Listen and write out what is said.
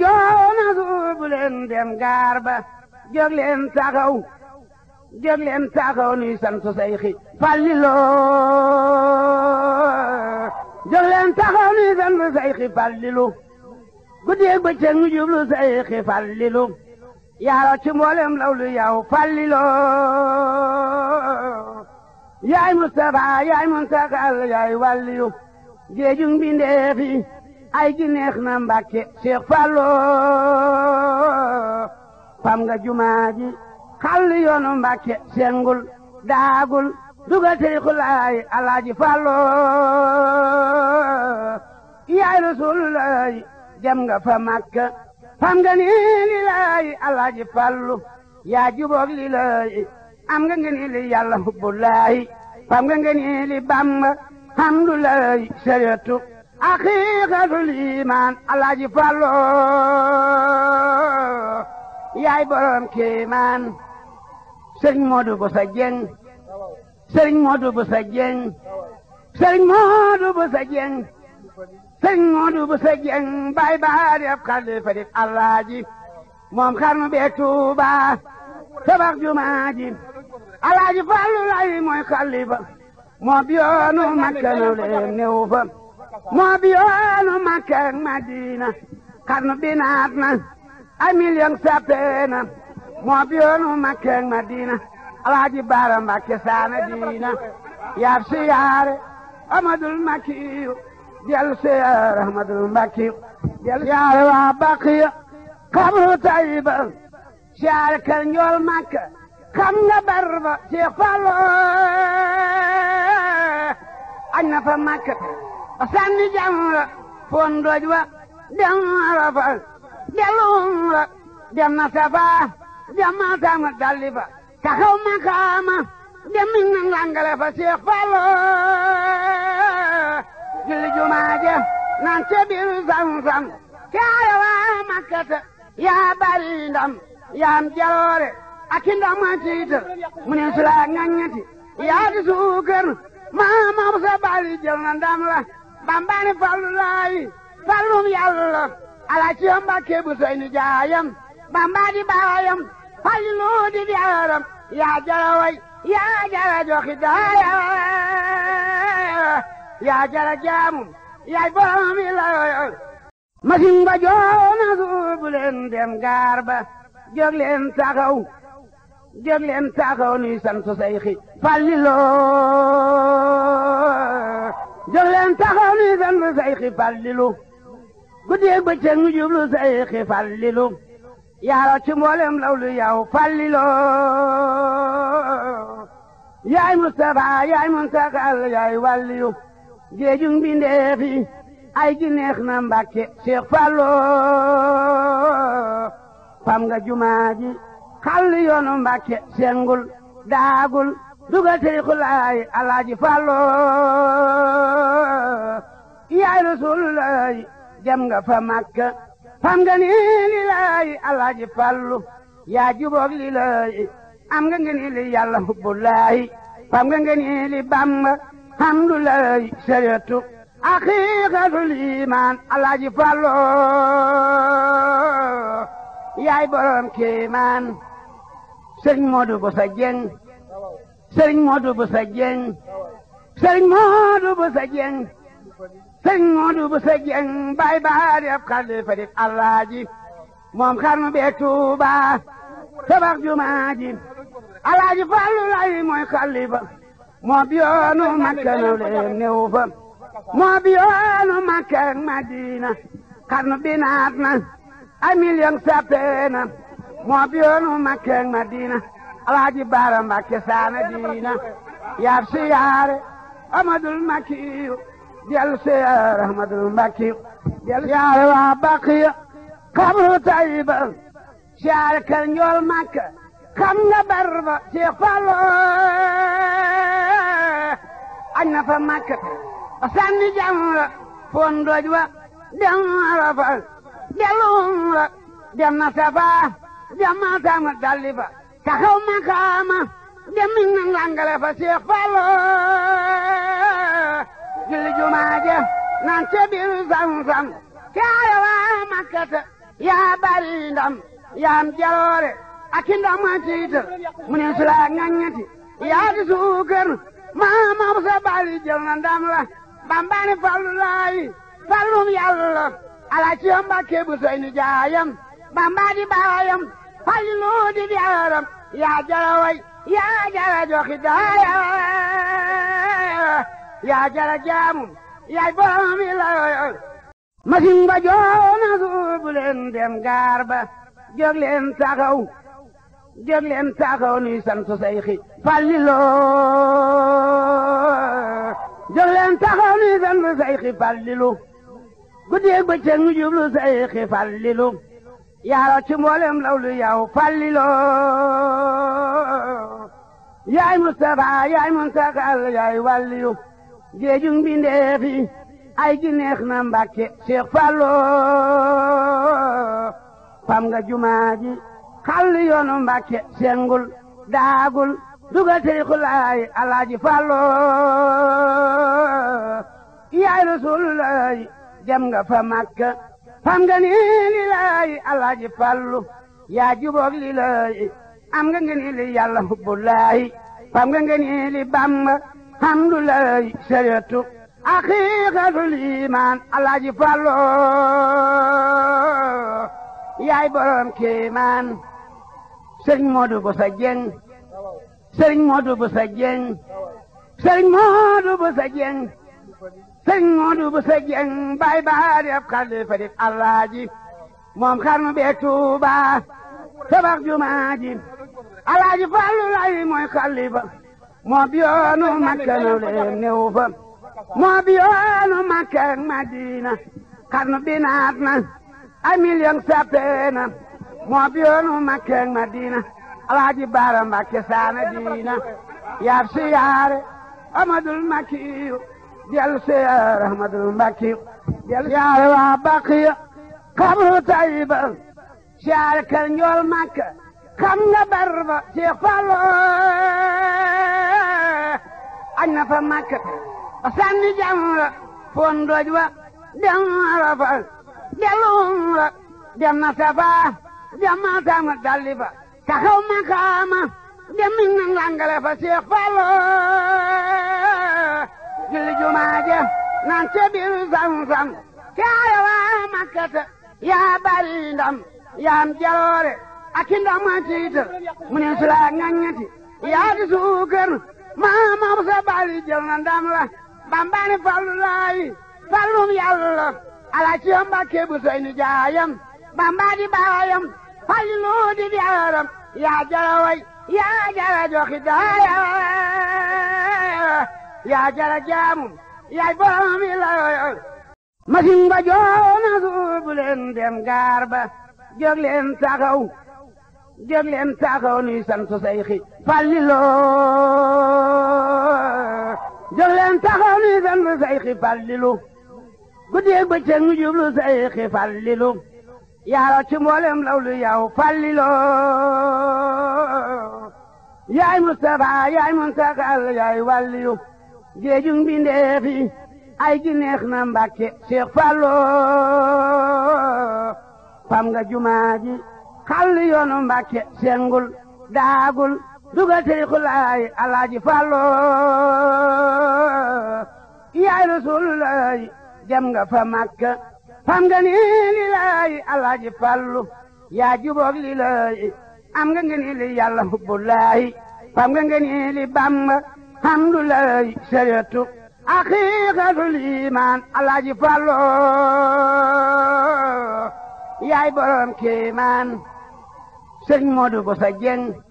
joona suubu leen dem gaar ba jóg leen taxaw jóg leen taxaw nuy sant Seyxi Fallilo jóg leen taxaw nuy sant Seyxi Fallilu guddeeg bëccëg ñu jublu Seyxi lu yow Fallilo yaay Mustafa yaay Muntakal yaay wàlliyu ay gi na mbàkke Cheikh Fallo fam nga jumaa ji xàll yoonu mbàkke sengul daagul dugal tariixu laay alaaji yaay rasulullaay jam nga fa Makka fam nga ni li laay Fallu yaa juboog li am nga ngeen li yàlla hubbu fam nga ngeen li Bàmba hamdulaay sariyatu haqiqatul iman alaaji Fallu yaay borom kéemaan sëriñ Modou Boussa Dieng sëriñ Modou Boussa Dieng sëriñ Modou Boussa Dieng bay baa def xalifa di moom xarnu bee Tuuba tabax jumaa ji alaaji Fallu mooy xalifa moom yoonu Makka new leen néew fa moo bi yoonu Makka ak Madina ay million sappee moo bi yoonu Makka ak Madina Alaaji Baara saana diina yaab siyaare Amadul Makkiyu dellu siyaare Amadul Makkiyu dellu siyaare waa Baqiya xabru Tayiba siyaare kër njool Makka xam nga barba Seex Fallu añ na fa Makka sànni jamra fon doj wa dem Arafat dellu umra dem na Safaa dem ma tama dalli fa taxaw makaama dem mi nan fa Seex Fallu julli jumaa nan ca biir Samsam kaaya waa Makkata yaa bari ndam yaa am jaloore ak ndam ma tiital mu ne su la ngañati yaa di suukar maa ma sa bari jël na ndam la Bamba ni fallu fallum yàlla alaaji Mbàkke bu sey ni jaayam Bamba di baayam fallu di jaaram yaa jara way yaa jara joxi daaya yaa jara jaamu yaay borom yi la masin ba joona suubu leen dem gaar ba leen taxaw jóg leen taxaw nuy sant Seyxi Falilu jóg leen taxaw ni sant Seyxi Fallilu guddeeg bëccëg ñu jublu Seyxi Fallilu yaaro ci mboolem lawlu yow Fallilu yaay Mustafa yaay Muntakal yaay wàlliyu géejug mbindeef yi ay gi neex na Mbàkke Seex Fallu fam nga jumaa ji xàll yoonu Mbàkke sengul daagul dugal tariixu laay alaaji Fàllu yaay rasuulullaay dem nga fa Makka xam nga ni li laay alaaji Fàllu yaa juboog li laay am nga nga ni li yàlla hubbu laay xam nga nga ni li Bàmba hamdulaay sariyatu aqiiqatul iimaan alaaji Fàllu yaay borom kéemaan sëñ Moodu Busa Jeng sëriñ Modou Bousso Dieng sëriñ Modou Bousso Dieng sëriñ Modou bay baa di ab di alaaji moom xarnu beeg Tuuba tabax jumaa ji alaaji Fallu lay mooy xalifa moo bi yoonu Makka naw leen néew fa moo bi yoonu Makka ak Madina xarnu bi naat na ay million sappee na moo bi yoonu Makka ak Madina alaaji baara mbàkke saana diina yaab siyaare amadul makkiyu del siyaare amadul makkiyu del siyaare waa baqiya xabru tayiba siyaare kër njool makka xam nga barba seex fallu añ fa makka ba sànni jamra foon doj wa dem arafa delum ra dem na safa dem ma tama dalli ba taxaw makaama dem nañ langale fa Seex Fallu julli jumaa ja naan ca biir waa Makkata yaa bari ndam yaa jaloore ak ndam a tiital mu ne su laa yaa di suukar maa moom sa jël na ndam la bambani Fallu laayi fallum yàlla ala ci Mbàkke bu sey ni jaayam bamba di baayam فالمود بعرم يا جروي يا جرى خدايا يا جرى جام يا بام لا ما سين بجونا زوب لين دم غاربا jóg leen taxaw jóg leen taxaw nuy sant Seyxi Fallilo jóg leen taxaw nuy sant Seyxi Fallilu guddeeg bëccëg ñu jublu Seyxi Fallilu yaa raw ci mboolem law lu yow Fallilo yaay Mustafa yaay Muntakal yaay wàlliyu géejug mbindeef yi ay gi neex na Mbàkke Seex Fallo fam nga jumaa ji xàll sengul daagul dugal tariqulaay Alaaji Fallo yaay Rasulullaay dem nga fa Makka xam nga ni li lay alaaji fallu yaa juboog li lay am nga nga ni li yàlla hubbu lay xam nga nga ni li bamba hamdu lay sariyatu aqiiqatul iimaan alaaji fallu yaay borom kéemaan sëriñ moodu sa jeng sëriñ moodu sa jeng sëriñ moodu sa jeng sëñ Moodu bu sa jeng bay baari ab xalifa di alaaji moom xarnu beeg Tuuba tabax jumaa ji alaaji Fallu lay mooy xalifa moo bi yoonu Makka naw leen néew fa moo bi yoonu Makka ak Madina xarnu bi naat na ay million sappeena moo bi yoonu Makka ak Madina alaaji Baara Mbàkke saana diina yaab siyaare amadul makiyu del siyaar Ahmadul Mbàkke del siyaar waa Baqiya xabru Tayba siyaar kër Njool Makka xam nga barba Seex Fallu añ na fa Makka a sànni jamra foon doj wa dem Arafa dellu umra dem na Safa dem na tama dalli fa taxaw makaama dem na langale fa Seex Fallu waaja naan ca biir zam-zam caaya waa makkata yaa bari ndam yaam jaloore ak i ndam a tiital mu ne su laa ŋaññati yaa di suukar maa moom sa bari jël na ndam la bambani fallu laayi fallum yàlla ala ci yom Mbàkke bu soy ni jaayam bamba di baayam fallu di jaaram yaa jara way yaa jara joxi daaya yaa jara jaamum yaay boomi layool masin ba joona suubu leen dem gaar ba jóg leen taxaw jóg leen taxaw nuy sant sayxi Fàllilu jóg leen taxaw nuy sant sayxi Fàllilu guddeeg bëccëg nu jublu sayxi Fàllilu yaaro ci mboolem lawlu yow Fàllilu yaay Mustafa yaay Muntaxa yaay wàlliyu géejug mbindeefi ay gi neex na mbàkke Seex Fallu fam nga jumaa ji xàll yoonu mbàkke sengul daagul dugal tariqulaay alaaji Fallu yaay rasulullaay dem nga fa Makka fam nga ni li laay Fallu yaa juboog li am nga nga ni li yàlla hubbulaayi fam nga nga ni li Bàmba alhamdulilah sariyatu aqiqatul iman alaaji Fallu yaay borom kéemaan sëñ Modou Bousso Dieng